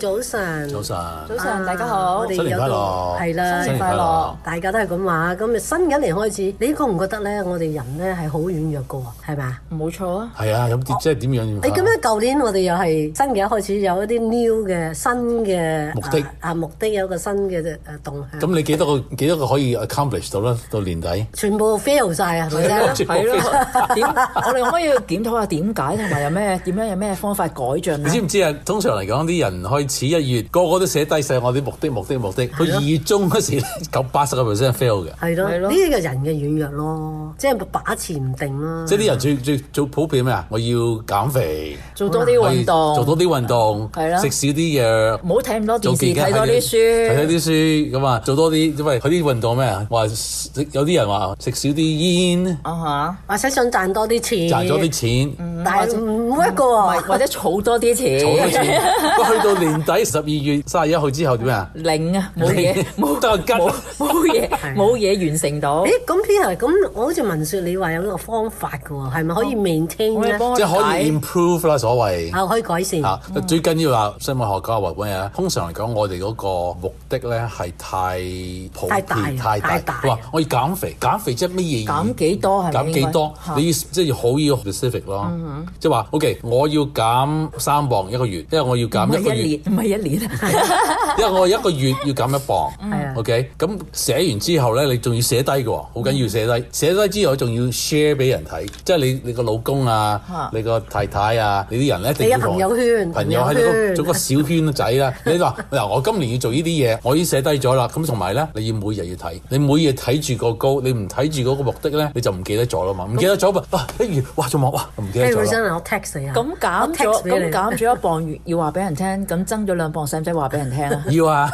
早晨，早晨，早晨，大家好，新年快樂，係啦，新年快樂，大家都係咁話。咁咪新嘅一年開始，你覺唔覺得咧？我哋人咧係好軟弱個喎，係咪啊？冇錯啊，係啊，咁即係點樣？你咁樣舊年我哋又係新嘅一年開始，有一啲 new 嘅新嘅目的啊，目的有一個新嘅誒動向。咁你幾多個幾多個可以 accomplish 到咧？到年底全部 fail 曬啊！係咪？係咯，點我哋可唔可以檢討下點解同埋有咩點樣有咩方法改進啊？你知唔知啊？通常嚟講啲人。開始一月個個都寫低晒我啲目的目的目的，佢二月中嗰時九八十個 percent fail 嘅。係咯，呢、這個人嘅軟弱咯，即、就、係、是、把持唔定咯、啊。即係啲人最最最普遍咩啊？我要減肥，做多啲運動，做多啲運動，係咯，食少啲嘢，唔好睇咁多電視，睇多啲書，睇多啲書咁啊，多些做多啲，因為佢啲運動咩啊？話有啲人話食少啲煙，或、哦、者想賺多啲錢，賺多啲錢。嗯但係冇一個或者儲多啲錢。多 去到年底十二月三十一號之後點啊？零啊，冇嘢，冇得冇嘢，冇嘢 完成到。咁 Peter 咁，我好似文說，你話有個方法㗎喎，係、嗯、咪可以 maintain 即係、就是、可以 improve 啦，所謂、哦。可以改善。嗯、最緊要話新聞學家話咩啊？通常嚟講，我哋嗰個目的咧係太普遍，太大。太大，太大。我要減肥，減肥即係咩嘢？減幾多係？減幾多？你即係、就是、好要 specific 咯。嗯即係話，OK，我要減三磅一個月，因為我要減一個月唔係一年 因為我一個月要減一磅 ，OK。咁寫完之後咧，你仲要寫低嘅喎，好緊要寫低。嗯。寫低之後，仲要 share 俾人睇，即係你你個老公啊，啊你個太太啊，你啲人你一定要朋友圈，朋友喺度做個小圈仔啦。你話嗱， 我今年要做呢啲嘢，我已經寫低咗啦。咁同埋咧，你要每日要睇，你每日睇住個高，你唔睇住嗰個目的咧，你就唔記得咗啦嘛。唔記得咗咪哇，一月哇仲冇哇唔記得。咁減咗咁減咗一減磅要，一磅要話話俾人聽；咁增咗兩磅，使唔使話俾人聽啊？要啊！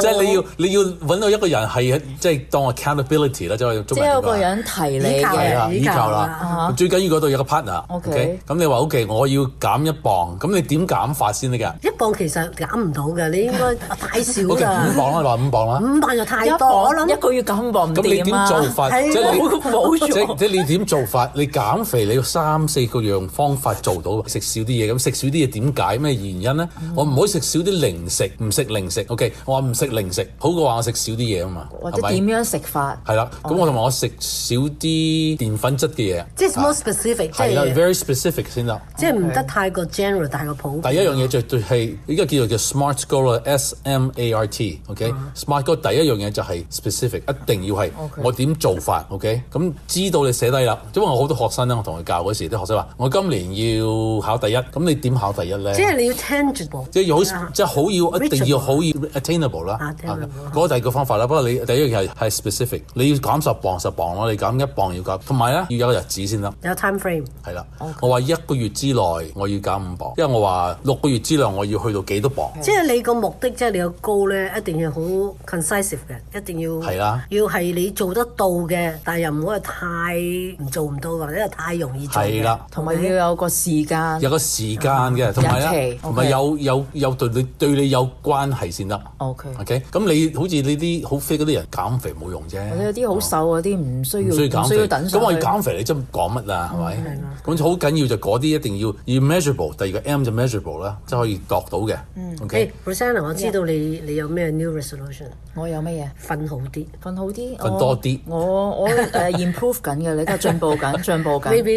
即 係你要、oh. 你要揾到一個人係即係當 accountability 啦，即係要即有一個人提你係啊！依靠啦，最緊要嗰度有個 partner。OK，咁、okay, 你話 OK，我要減一磅，咁你點減法先得㗎？一磅其實減唔到㗎，你應該太少㗎。五磅啦，你話五磅啦。五磅就太多，我諗一個月減一磅唔掂啊！係冇錯。即係你點做法？你減肥你要三四個月。 用方法做到食少啲嘢，咁食少啲嘢點解？咩原因咧？Mm -hmm. 我唔可以食少啲零食，唔食零食。O、okay? K，我話唔食零食，好過話我食少啲嘢啊嘛。或者點樣食法？係啦，咁、okay. 我同埋我食少啲澱粉質嘅嘢、okay. 啊。即係 more specific，即係 very specific 先得、okay. 即係唔得太過 general，大個普遍。Okay. 第一樣嘢就絕對係依家叫做叫 smart goal S M A R T。O K，smart goal 第一樣嘢就係 specific，一定要係我點做法。O K，咁知道你寫低啦。因為我好多學生咧，我同佢教嗰時，啲學生話。我今年要考第一，咁你點考第一咧？即係你要 tangible，即係好即係好要，一、就是要 Richard. 一定要好要 attainable 啦、ah。嗰，那個第二個方法啦，不過你第一個係係 specific，你要減十磅，十磅我哋減一磅要減，同埋咧要有一個日子先得，有 time frame。係啦，我話一個月之內我要減五磅，因為我話六個月之內我要去到幾多磅。即、okay. 係、就是、你個目的，即、就、係、是、你個 goal 呢咧，一定要好 concise 嘅，一定要係啦，要係你做得到嘅，但又唔好係太唔做唔到，或者太容易做。係啦，要有個時間，有個時間嘅，同埋同埋有呢、okay、有有，有，有對你對你有關係先得。O K，O K，咁你好似呢啲好肥嗰啲人減肥冇用啫、啊。有啲好瘦嗰啲唔需要，需要，需要等。咁我要減肥，你真講乜啊？係、嗯、咪？啦。咁好緊要就嗰啲一定要要 measurable，第二個 M 就 measurable 啦，即係可以度到嘅。O、okay? K，Rosanna，、嗯 hey, 我知道你、yeah. 你有咩 new resolution？我有乜嘢？瞓好啲，瞓好啲。瞓、oh, 多啲。我我誒、uh, improve 緊 嘅，你而家進步緊，進 步緊了。一個第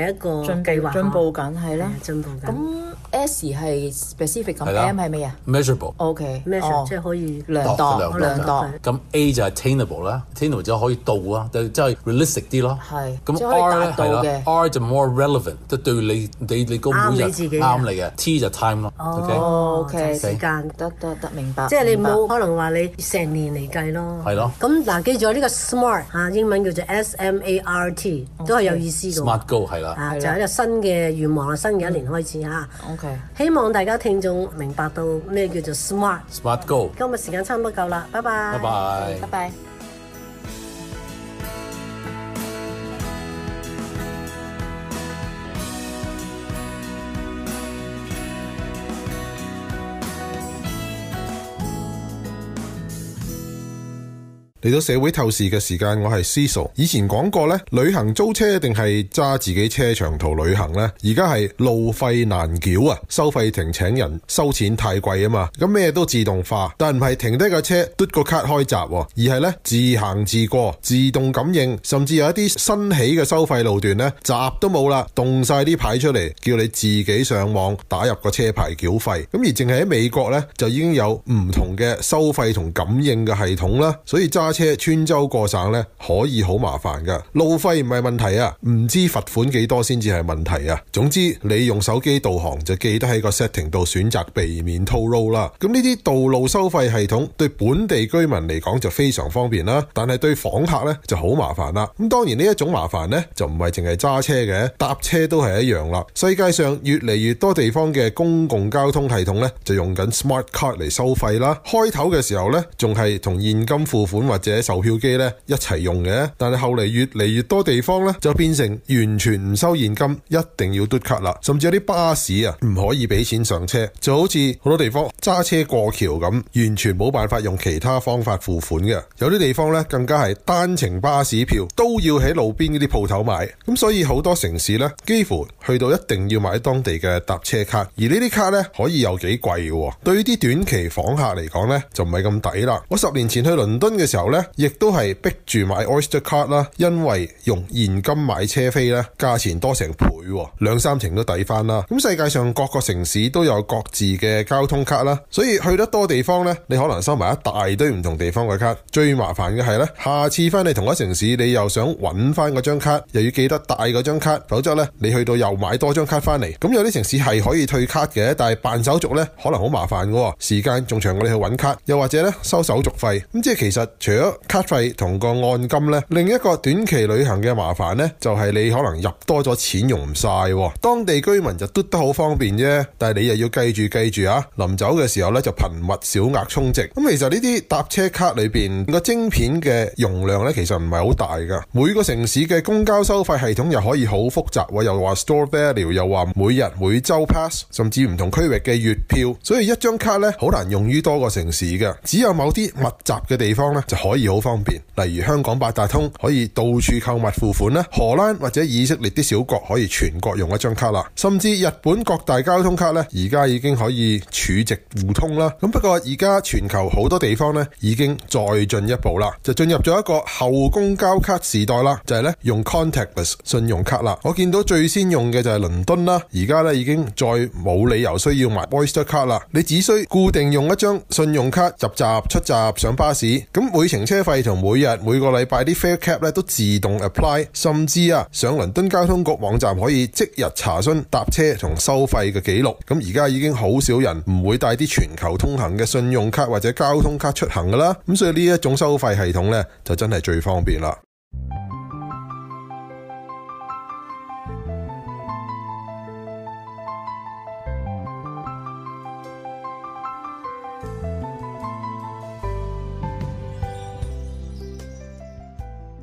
一。 Maybe, uh, 一個進步緊係啦，進步緊。S 係 specific 咁，M 係咩啊？Measurable。O.K. Measurable 即係可以量度、量度。咁 A 就係 attainable 啦，attainable 即係可以到啦，就即係 realistic 啲咯。係。咁 R 咧係啦，R 就 more relevant，就對你你你個目標係啱你嘅。T 就 time 咯。哦，O.K. 時間得得得明白。即係你冇可能話你成年嚟計咯。係咯。咁嗱，記住有呢個 SMART 嚇，英文叫做 S.M.A.R.T. 都係有意思嘅。Smart goal 係啦。啊，就係一個新嘅願望啊！新嘅一年開始嚇。O.K. 希望大家聽眾明白到咩叫做 smart smart goal 今日時間差唔多夠啦，拜拜。拜拜。拜拜。嚟到社會透視嘅時間，我係 Ciso。以前講過咧，旅行租車定係揸自己車長途旅行呢？而家係路費難繳啊，收費亭請人收錢太貴啊嘛。咁咩都自動化，但唔係停低架車嘟個卡開閘，而係咧自行自過自動感應，甚至有一啲新起嘅收費路段咧閘都冇啦，動晒啲牌出嚟，叫你自己上網打入個車牌繳費。咁而淨係喺美國咧就已經有唔同嘅收費同感應嘅系統啦，所以揸車穿州過省咧，可以好麻煩噶路費唔係問題啊，唔知罰款幾多先至係問題啊。總之你用手機導航就記得喺個 setting 度選擇避免套路啦。咁呢啲道路收費系統對本地居民嚟講就非常方便啦，但係對訪客咧就好麻煩啦。咁當然呢一種麻煩咧就唔係淨係揸車嘅，搭車都係一樣啦。世界上越嚟越多地方嘅公共交通系統咧就用緊 smart card 嚟收費啦。開頭嘅時候咧仲係同現金付款或者或者售票機咧一齊用嘅，但係後嚟越嚟越多地方咧就變成完全唔收現金，一定要嘟卡啦，甚至有啲巴士啊唔可以俾錢上車，就好似好多地方揸車過橋咁，完全冇辦法用其他方法付款嘅。有啲地方咧更加係單程巴士票都要喺路邊嗰啲鋪頭買，咁所以好多城市咧幾乎去到一定要買當地嘅搭車卡，而呢啲卡咧可以有幾貴嘅，對於啲短期訪客嚟講咧就唔係咁抵啦。我十年前去倫敦嘅時候，亦都係逼住買 Oyster Card 啦，因為用現金買車飛咧，價錢多成倍，兩三成都抵翻啦。咁世界上各個城市都有各自嘅交通卡啦，所以去得多地方呢，你可能收埋一大堆唔同地方嘅卡。最麻煩嘅係呢，下次翻嚟同一城市，你又想搵翻嗰張卡，又要記得帶嗰張卡，否則呢，你去到又買多張卡翻嚟。咁有啲城市係可以退卡嘅，但係辦手續呢，可能好麻煩噶，時間仲長我哋去搵卡，又或者呢收手續費。咁即係其實卡費同個按金呢，另一個短期旅行嘅麻煩呢，就係你可能入多咗錢用唔晒，當地居民就嘟得好方便啫，但係你又要記住記住啊，臨走嘅時候呢，就頻密小額充值。咁其實呢啲搭車卡裏邊個晶片嘅容量呢，其實唔係好大㗎。每個城市嘅公交收費系統又可以好複雜，又話 store value，又話每日每周 pass，甚至唔同區域嘅月票，所以一張卡呢，好難用於多個城市嘅，只有某啲密集嘅地方呢。就。可以好方便，例如香港八達通可以到處購物付款啦；荷蘭或者以色列啲小國可以全國用一張卡啦；甚至日本各大交通卡咧，而家已經可以儲值互通啦。咁不過而家全球好多地方咧，已經再進一步啦，就進入咗一個後公交卡時代啦，就係咧用 contactless 信用卡啦。我見到最先用嘅就係倫敦啦，而家咧已經再冇理由需要買 Oyster 卡啦。你只需固定用一張信用卡入閘出閘上巴士，咁每停車費同每日每個禮拜啲 fare cap 咧都自動 apply，甚至啊上倫敦交通局網站可以即日查詢搭車同收費嘅記錄。咁而家已經好少人唔會帶啲全球通行嘅信用卡或者交通卡出行噶啦。咁所以呢一種收費系統咧就真係最方便啦。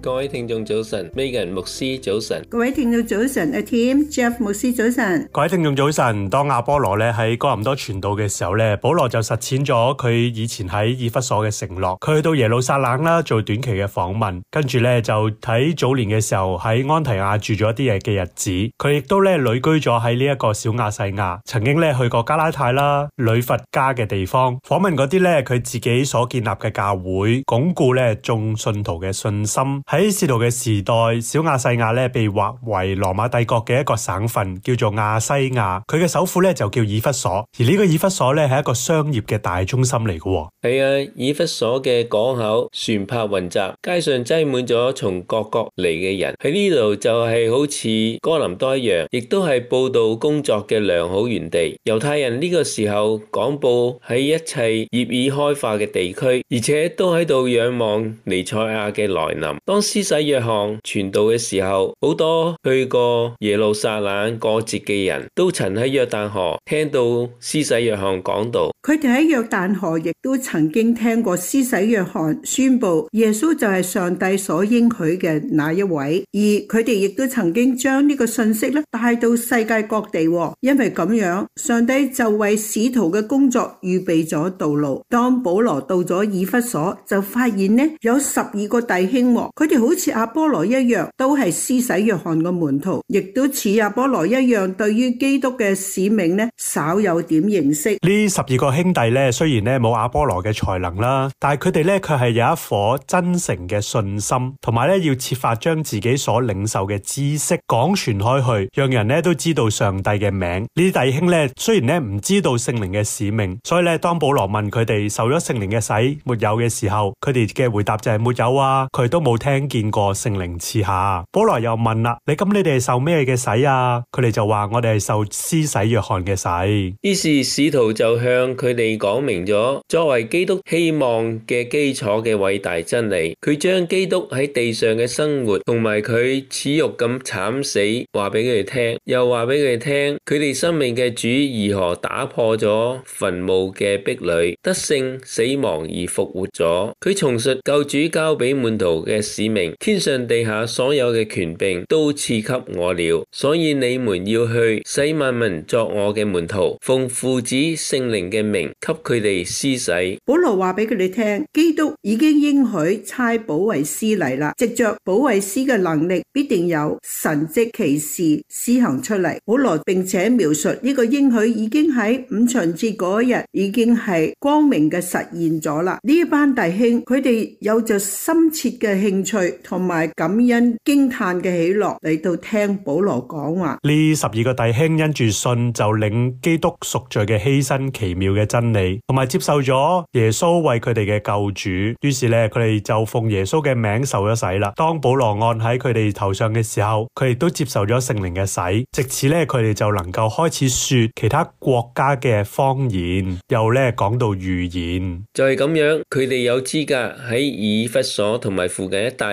各位聽眾早晨，Megan 牧師早晨，各位聽眾早晨，阿 Tim Jeff 牧師早晨，各位聽眾早晨。當亞波羅咧喺哥林多傳道嘅時候咧，保羅就實踐咗佢以前喺以弗所嘅承諾。佢去到耶路撒冷啦，做短期嘅訪問，跟住咧就喺早年嘅時候喺安提亞住咗一啲嘢嘅日子。佢亦都咧旅居咗喺呢一個小亞細亞，曾經咧去過加拉太啦、呂弗家嘅地方訪問嗰啲咧，佢自己所建立嘅教會，鞏固咧眾信徒嘅信心。喺使徒嘅時代，小亞細亞咧被劃為羅馬帝國嘅一個省份，叫做亞西亞。佢嘅首府咧就叫以弗所，而呢個以弗所咧係一個商業嘅大中心嚟嘅。係啊，以弗所嘅港口船舶雲集，街上擠滿咗從各國嚟嘅人。喺呢度就係好似哥林多一樣，亦都係報道工作嘅良好園地。猶太人呢個時候廣佈喺一切業已開化嘅地區，而且都喺度仰望尼賽亞嘅來臨。當施洗約翰傳道嘅時候，好多去過耶路撒冷過節嘅人都曾喺約旦河聽到施洗約翰講道，佢哋喺約旦河亦都曾經聽過施洗約翰宣布耶穌就係上帝所應許嘅那一位，而佢哋亦都曾經將呢個信息咧帶到世界各地，因為咁樣上帝就為使徒嘅工作預備咗道路。當保羅到咗以弗所，就發現呢有十二個弟兄，佢。好似阿波羅一樣，都係施洗約翰嘅門徒，亦都似阿波羅一樣，對於基督嘅使命少稍有點認識。呢十二個兄弟咧，雖然咧冇阿波羅嘅才能啦，但係佢哋咧卻係有一顆真誠嘅信心，同埋要設法將自己所領受嘅知識講傳開去，讓人都知道上帝嘅名。呢弟兄咧雖然咧唔知道聖靈嘅使命，所以咧當保羅問佢哋受咗聖靈嘅洗，沒有嘅時候，佢哋嘅回答就係沒有啊，佢都冇聽。見過聖靈賜下，保羅又問啦：你咁你哋係受咩嘅洗啊？佢哋就話：我哋係受施洗約翰嘅洗。於是使徒就向佢哋講明咗作為基督希望嘅基礎嘅偉大真理。佢將基督喺地上嘅生活同埋佢恥辱咁慘死，話俾佢哋聽，又話俾佢哋聽，佢哋生命嘅主如何打破咗墳墓嘅壁壘，得勝死亡而復活咗。佢重述救主交俾門徒嘅使命。天上地下所有嘅權柄都賜給我了，所以你們要去使萬民作我嘅門徒，奉父子聖靈嘅名，給佢哋施洗。保羅話俾佢哋聽，基督已經應許差保惠師嚟啦，藉着保惠師嘅能力，必定有神迹奇事施行出嚟。保羅並且描述呢個應許已經喺五旬節嗰一日已經係光明嘅實現咗啦。呢班弟兄佢哋有着深切嘅興趣。同埋感恩驚嘆嘅喜樂，嚟到聽保羅講話。呢十二個弟兄因住信就領基督贖罪嘅犧牲奇妙嘅真理，同埋接受咗耶穌為佢哋嘅救主。於是呢，佢哋就奉耶穌嘅名受咗洗啦。當保羅按喺佢哋頭上嘅時候，佢哋都接受咗聖靈嘅洗，直至呢，佢哋就能夠開始說其他國家嘅方言，又咧講到預言。就係、是、咁樣，佢哋有資格喺以弗所同埋附近一帶，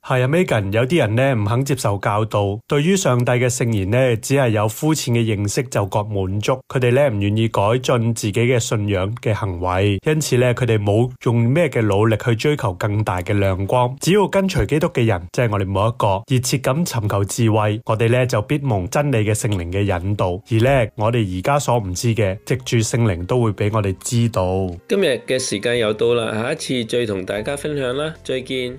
係啊，Megan，有啲人咧唔肯接受教導，對於上帝嘅聖言咧，只係有膚淺嘅認識就覺滿足，佢哋咧唔願意改進自己嘅信仰嘅行為，因此咧佢哋冇用咩嘅努力去追求更大嘅亮光。只要跟隨基督嘅人，即係我哋每一個，熱切咁尋求智慧，我哋咧就必蒙真理嘅聖靈嘅引導。而咧我哋而家所唔知嘅，藉住聖靈都會俾我哋知道。今日嘅時間又到啦，下一次再同大家分享啦，再見。